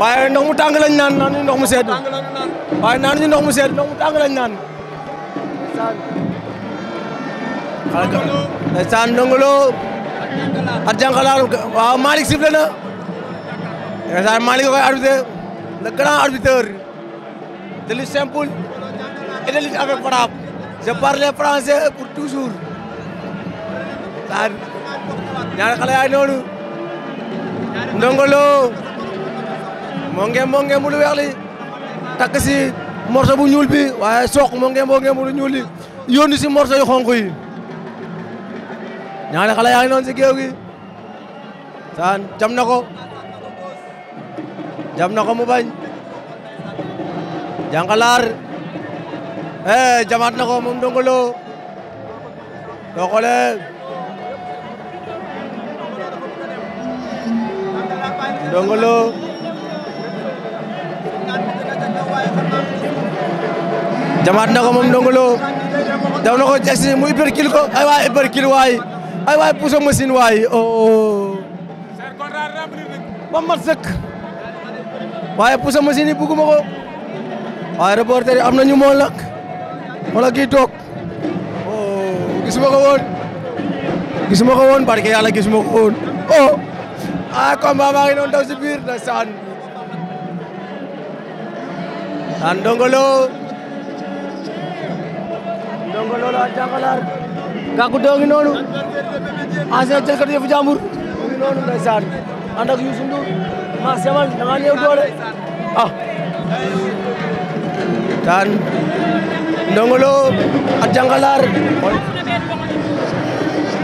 waaye ndox mu tàng lañ naan naan ñu ndox mu sedd waaye naan ñu ndox mu sedd ndox mu tàng lañ naan ndeysaan Ndongo Lo ak jànqalaaru waaw Malick sifflé na ndeysaan Malick koy arbitre le grand arbitre de lutte simple et de lutte avec frappe je parlais français saan ñaari xale yaay noonu Ndongo moo ngeem moo ngeem bu takk si morso bu ñuul bi waaye soq moo ngeem ñuul li yónni si morso yu xonq yi ñaari xale yaa ngi noonu si géew gi saan jam na ko jam na ko mu bañ jàngalaar eh jamaat na ko moom Ndongo Lo soo xoolee Ndongo jamaat na ko moom Ndongo Lo daw na ko jegsi mu hypercule ko ay waay hypercule waay ay waay puso machine waay o oh. ba mat sëkk waaye puso machine yi bugguma ko waaye reporter yi am nañu moo lak wala kii toog o oh, gisuma ko woon gisuma ko woon barke yàlla gisuma ko woon o oh. a ah, combat maa ngi noonu daw si biir na saan saan Ndongo Lo donc loolu ak jàmbalaar gàggu doo ngi noonu ancien jëkkër yëfu jàmbur mu ngi noonu ndeysaan ànd ak Youssou Ndour maa semal da ngaa doole ah taan Ndongo Lo ak jàngalaar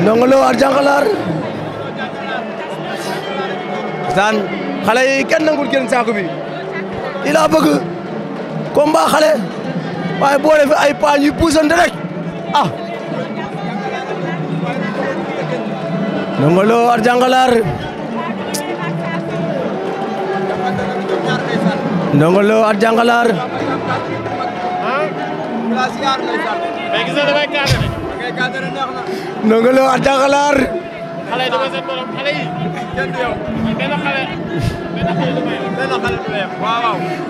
Ndongo Lo ak jàngalaar taan xale yi kenn kenn saako bi i laa bëgg combat xale boole fi ay paañ yu puusante rek ah Ndongo Lo ak Jangalar Ndongo Lo ak Jangalar Ndongo Lo ak Jangalar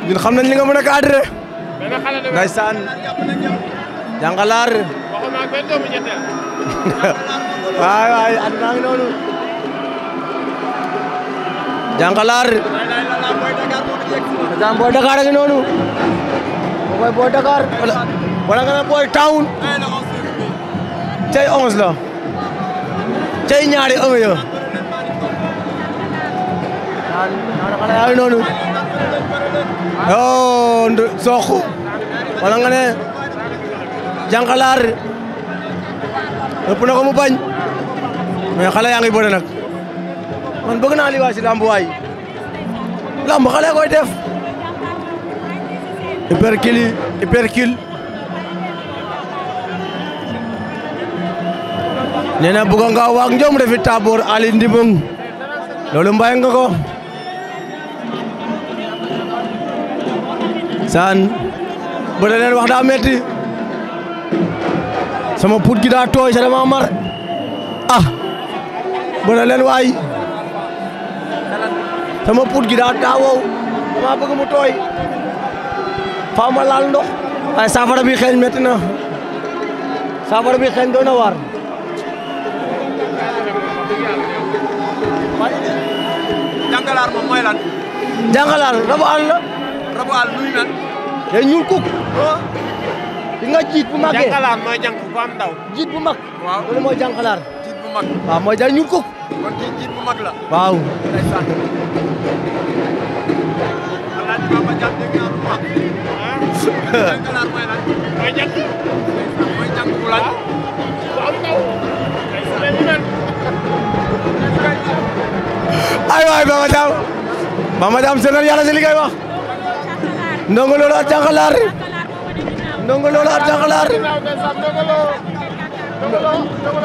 ñun xam nañ li nga mën a cadré waay waay at maa ngi noonu jànkalaar daan booy Dakar noonu booy booy Dakar wala nga cey onze cey ñaari un yo naan xale yaa ngi ne jànkalaar ëpp na ko mu bañ mais xale yaa ngi bëre man bëgg naa li waay lamb waay lamb xale koy def hypercule yi hypercule nee na bëgg nga waag njom defi taboor ali ndimung loolu mbay nga saan bëre leen wax sama put gi daa tooy sa dama mar ah bëna leen waay sama put gi daa daa wow dama bëgg mu tooy faaw ma laal ndox waaye saafara bi xeeñ metti na saafara bi xeeñ doon na waar jàngalaar moom mooy lan jàngalaar rabu àll kuk oh. di nga jiit bu màggee jànkalaar mooy jànk bu am ndaw. la. waaw. ndeysaan. alaaj Baba Diagne dégg naa ah. ay waay Baba Dame. Baba Dame seen yàlla si li ngay wax. ndongo loolu ak jànkalaar. Ndongo Lo la Arjankalar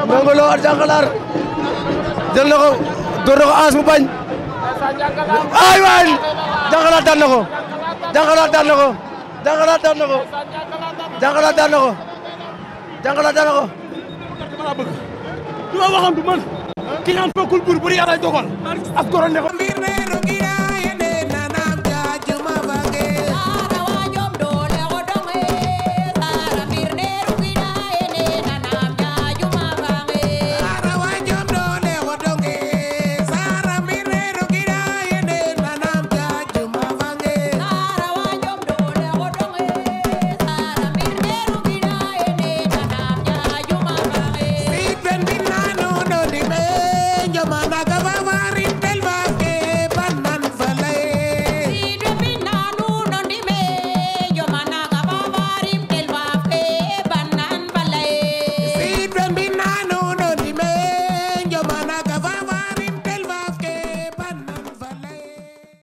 Ndongo Lo Arjankalar jël aas mu bañ ay waay Jankalaar daan na ko Jankalaar daan na ko Jankalaar daan na ko